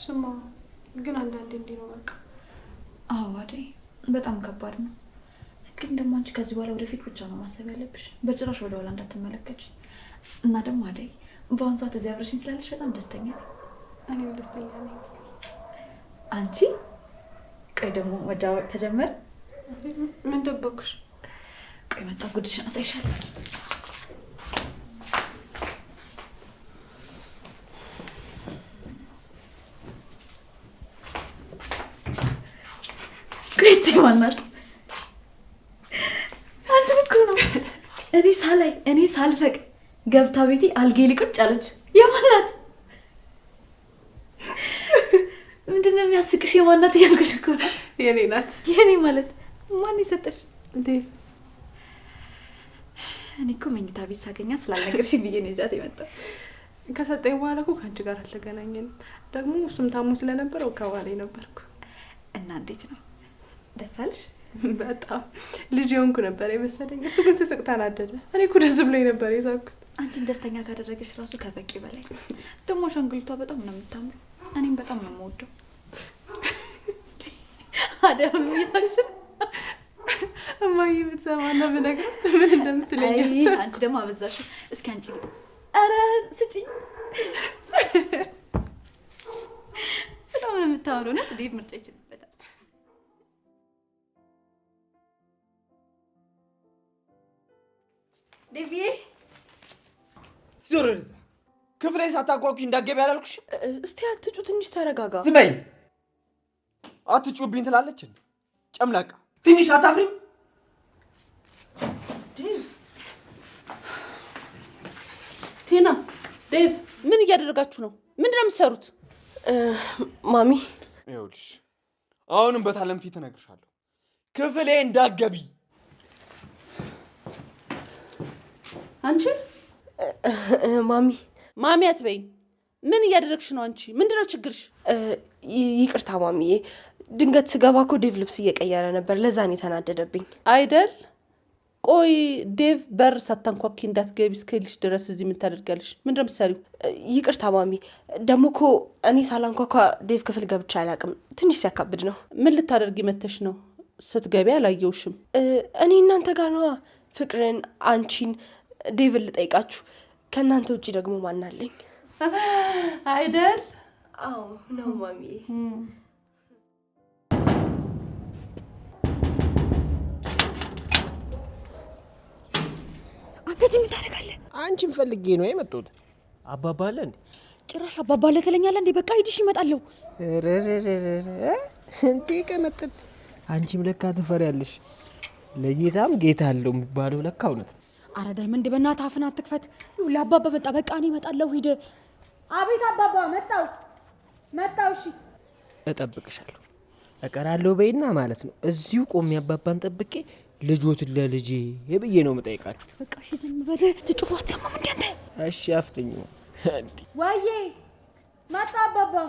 እሱማ ግን አንዳንዴ እንዲህ ነው በቃ። አዎ አደይ፣ በጣም ከባድ ነው። ግን ደግሞ አንቺ ከዚህ በኋላ ወደፊት ብቻ ነው ማሰብ ያለብሽ፣ በጭራሽ ወደ ኋላ እንዳትመለከች እና ደግሞ አደይ፣ በአሁን ሰዓት እዚህ አብረሽኝ ስላለሽ በጣም ደስተኛ ነኝ። እኔም ደስተኛ ነኝ። አንቺ ቆይ ደግሞ መደባበቅ ተጀመር ምን ደበኩሽ? ቆይ መጣ ጉድሽን አሳይሻለሁ። ይሆናል። አንቺ እኮ ነው እኔ ሳላይ እኔ ሳልፈቅ ገብታ ቤቴ አልጌ ሊቁጭ አለች። የማናት ምንድን ነው የሚያስቅሽ? የማናት እያልኩሽ እኮ ነው። የኔ ናት። የኔ ማለት ማን ይሰጠሽ? እንዴ እኔ እኮ መኝታ ቤት ሳገኛት ስላልነገርሽ ብዬ ነው ይዣት የመጣው። ከሰጠኝ በኋላ እኮ ከአንቺ ጋር አልተገናኘንም። ደግሞ እሱም ታሞ ስለነበረው ከባሌ ነበርኩ እና እንዴት ነው ደስ አለሽ? በጣም ልጅ የሆንኩ ነበር የመሰለኝ። እሱ ግን ስስቅ ታናደደ። እኔ እኮ ደስ ብሎኝ ነበር የሳቅኩት። አንቺን ደስተኛ ካደረገች ራሱ ከበቂ በላይ ደግሞ ሻንጉሊቷ በጣም ነው የምታምሩ። እኔም በጣም ነው የምወደው። አደም እየሳቅሽ እማዬ ብትሰማና ብነግራት ምን እንደምትለኝ። አንቺ ደግሞ አበዛሽ። እስኪ አንቺ ኧረ ስጪኝ። በጣም ነው የምታምረው። እውነት ምርጫ ይችላል ዞር ወደዛ። ክፍሌ ሳታጓጉ እንዳገቢ ያላልኩሽ? እስቲ አትጩ፣ ትንሽ ተረጋጋ። ዝም በይ። አትጩብኝ ትላለች ጨምላቃ። ትንሽ አታፍሪም? ቴና፣ ዴቭ ምን እያደረጋችሁ ነው? ምንድን ነው የምትሰሩት? ማሚ፣ ይኸውልሽ አሁንም በታለም ፊት እነግርሻለሁ ክፍሌ እንዳገቢ አንቺ ማሚ ማሚ አትበይ። ምን እያደረግሽ ነው አንቺ? ምንድነው ችግርሽ? ይቅርታ ማሚዬ፣ ድንገት ስገባ እኮ ዴቭ ልብስ እየቀየረ ነበር። ለዛን የተናደደብኝ አይደል? ቆይ ዴቭ በር ሳታንኳኪ እንዳትገቢ እስክልሽ ድረስ እዚህ ምን ታደርጋለሽ? ምንድነው የምትሰሪው? ይቅርታ ማሚ፣ ደግሞ እኮ እኔ ሳላንኳኳ ዴቭ ክፍል ገብቼ አላውቅም። ትንሽ ሲያካብድ ነው። ምን ልታደርጊ መተሽ ነው? ስትገቢ አላየውሽም። እኔ እናንተ ጋር ነዋ። ፍቅርን፣ አንቺን ዴቭን ልጠይቃችሁ። ከእናንተ ውጭ ደግሞ ማናለኝ? አይደል? አዎ ነው ማሚ። አንተ እዚህ ምን ታደርጋለህ? አንቺን ፈልጌ ነው የመጡት። አባባ አለ እንዴ? ጭራሽ አባባ አለ ትለኛለህ እንዴ? በቃ ሂድሽ፣ ይመጣለሁ። እንዴ ቀመጥን። አንቺም ለካ ትፈሪያለሽ። ለጌታም ጌታ አለው የሚባለው ለካ እውነት አረ ዳይመንድ በእናትህ አፍን አትክፈት። ለአባባ መጣ። በቃ እኔ እመጣለሁ። ሂድ። አቤት አባባ። መጣሁ መጣሁ። እሺ እጠብቅሻለሁ። እቀራለሁ በይና ማለት ነው። እዚሁ ቆሜ አባባን ጠብቄ ልጆትን ለልጄ የብዬ ነው የምጠይቃቸው። በቃ እሺ፣ ዝም በል። ትጩሁ አትሰማም እንደ አንተ። እሺ አፍጥኝ። ወይዬ መጣሁ አባባ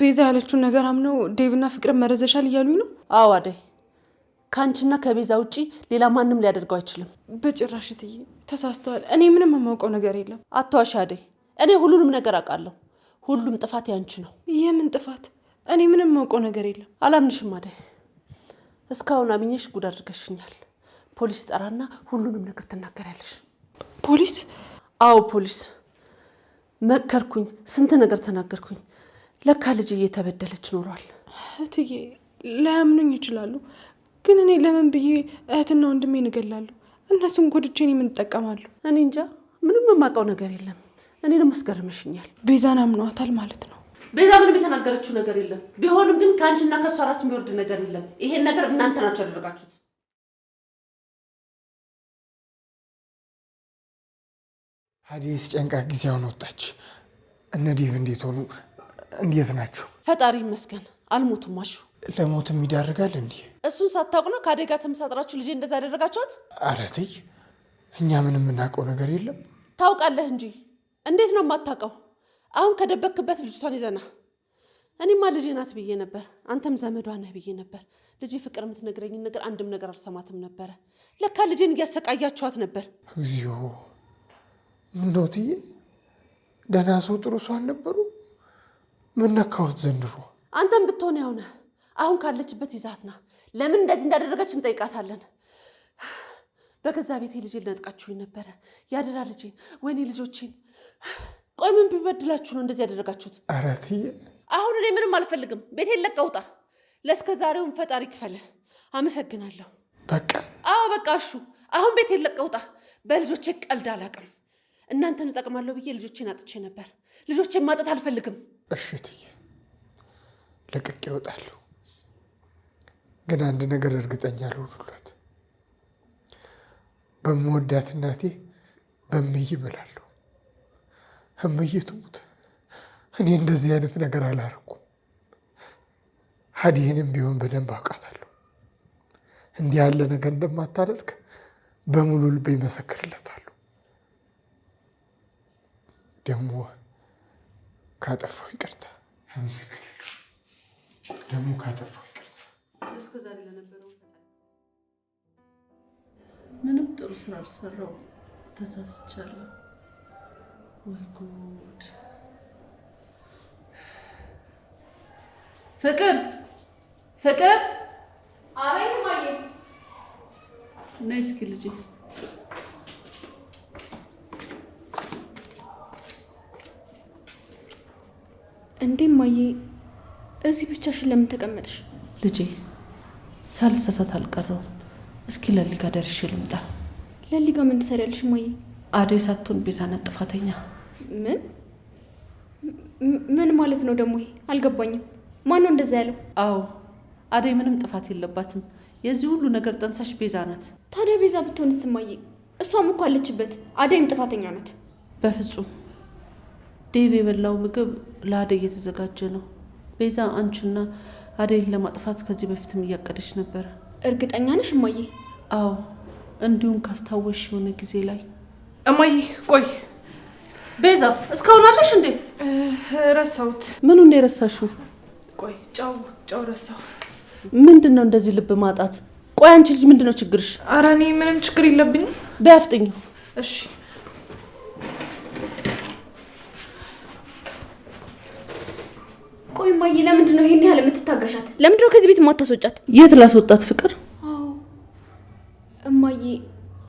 ቤዛ ያለችውን ነገር አምነው ዴቭና ፍቅርን መረዘሻል እያሉኝ ነው። አዎ አደይ፣ ከአንቺና ከቤዛ ውጪ ሌላ ማንም ሊያደርገው አይችልም። በጭራሽ እትዬ ተሳስተዋል። እኔ ምንም የማውቀው ነገር የለም። አትዋሽ አደይ፣ እኔ ሁሉንም ነገር አውቃለሁ። ሁሉም ጥፋት ያንቺ ነው። የምን ጥፋት? እኔ ምንም የማውቀው ነገር የለም። አላምንሽም አደይ፣ እስካሁን አምኜሽ ጉድ አድርገሽኛል። ፖሊስ ጠራና ሁሉንም ነገር ትናገሪያለሽ። ፖሊስ? አዎ ፖሊስ። መከርኩኝ፣ ስንት ነገር ተናገርኩኝ ለካ ልጅ እየተበደለች ኖሯል። እትዬ ላያምኑኝ ይችላሉ፣ ግን እኔ ለምን ብዬ እህትና ወንድሜ እገላለሁ? እነሱን ጎድቼን የምንጠቀማሉ? እኔ እንጃ ምንም የማውቀው ነገር የለም። እኔ ለማስገርምሽኛል ቤዛን አምኗታል ማለት ነው። ቤዛ ምንም የተናገረችው ነገር የለም። ቢሆንም ግን ከአንቺና ከእሷ ራስ የሚወርድ ነገር የለም። ይሄን ነገር እናንተ ናቸው ያደረጋችሁት። ሀዲስ ጨንቃ ጊዜ አሁን ወጣች። እነ ዲቭ እንዴት ሆኑ? እንዴት ናቸው? ፈጣሪ ይመስገን አልሞቱም። አሹ ለሞትም ይዳርጋል እንዲህ እሱን ሳታውቅ ነው ከአደጋ ተመሳጥራችሁ ልጄ እንደዛ ያደረጋችኋት? ኧረ ተይ፣ እኛ ምንም የምናውቀው ነገር የለም። ታውቃለህ እንጂ እንዴት ነው የማታውቀው? አሁን ከደበክበት ልጅቷን ይዘና እኔማ ልጄ ናት ብዬ ነበር፣ አንተም ዘመዷ ነህ ብዬ ነበር። ልጄ ፍቅር የምትነግረኝ ነገር አንድም ነገር አልሰማትም ነበረ። ለካ ልጄን እያሰቃያችኋት ነበር። እግዚኦ! ምነው ትዬ ደህና ሰው ጥሩ ሰው አልነበሩ? ነካውት ዘንድሮ አንተም ብትሆን ያውነ አሁን ካለችበት ይዛት ና። ለምን እንደዚህ እንዳደረገች እንጠይቃታለን። በገዛ ቤቴ ልጅ ልነጥቃችሁኝ ነበረ፣ ያደራ ልጄን፣ ወይኔ ልጆቼን። ቆይ ምን ቢበድላችሁ ነው እንደዚህ ያደረጋችሁት? አረቲ አሁን እኔ ምንም አልፈልግም። ቤቴን ለቀህ ውጣ። ለእስከ ዛሬውን ፈጣሪ ክፈል። አመሰግናለሁ። በቃ አዎ፣ በቃ እሹ፣ አሁን ቤቴን ለቀህ ውጣ። በልጆቼ ቀልድ አላውቅም። እናንተን እጠቅማለሁ ብዬ ልጆቼን አጥቼ ነበር። ልጆቼን ማጣት አልፈልግም። እሽትዬ እትዬ ለቅቄ እወጣለሁ። ግን አንድ ነገር እርግጠኛ ልሆኑሏት በምወዳት እናቴ በምይ እምላለሁ። እምዬ ትሙት፣ እኔ እንደዚህ አይነት ነገር አላርኩ ሀዲህንም ቢሆን በደንብ አውቃታለሁ። እንዲህ ያለ ነገር እንደማታደርግ በሙሉ ልቤ ይመሰክርለታሉ ደግሞ ካጠፋው ይቅርታ። አመሰግናለሁ። ደግሞ ካጠፋው ይቅርታ። እስከዛሬ ለነበረው ምንም ጥሩ ስራ አልሰራው፣ ተሳስቻለሁ። ወይ ጉድ! ፍቅር ፍቅር! አቤት! ማየ ነይ እስኪ ልጄ እንዴ ማዬ፣ እዚህ ብቻሽን ለምን ተቀመጥሽ? ልጄ ሳልሳሳት አልቀረውም። እስኪ ለሊጋ ደርሼ ልምጣ። ለሊጋ ምን ትሰሪያለሽ ማዬ? አደይ ሳትሆን ቤዛ ናት ጥፋተኛ። ምን ምን ማለት ነው ደግሞ ይሄ? አልገባኝም። ማን ነው እንደዛ ያለው? አዎ አደይ ምንም ጥፋት የለባትም። የዚህ ሁሉ ነገር ጠንሳሽ ቤዛ ናት። ታዲያ ቤዛ ብትሆንስ ማዬ? እሷም እኮ አለችበት። አደይም ጥፋተኛ ናት። በፍጹም ዴቭ የበላው ምግብ ለአደይ እየተዘጋጀ ነው። ቤዛ አንቺና አደይን ለማጥፋት ከዚህ በፊትም እያቀደች ነበረ። እርግጠኛ ነሽ እማዬ? አዎ፣ እንዲሁም ካስታወሽ የሆነ ጊዜ ላይ እማዬ። ቆይ ቤዛ እስካሁን አለሽ እንዴ? ረሳሁት። ምኑን ነው የረሳሽው? ቆይ ጫው ጫው ረሳሁ። ምንድን ነው እንደዚህ ልብ ማጣት? ቆይ አንቺ ልጅ ምንድን ነው ችግርሽ? ኧረ እኔ ምንም ችግር የለብኝም። በያፍጥኝ። እሺ ቆይ እማዬ፣ ለምንድን ነው ይሄን ያህል የምትታገሻት? ለምንድን ነው ከዚህ ቤት የማታስወጫት? የት ላስወጣት ፍቅር? እማዬ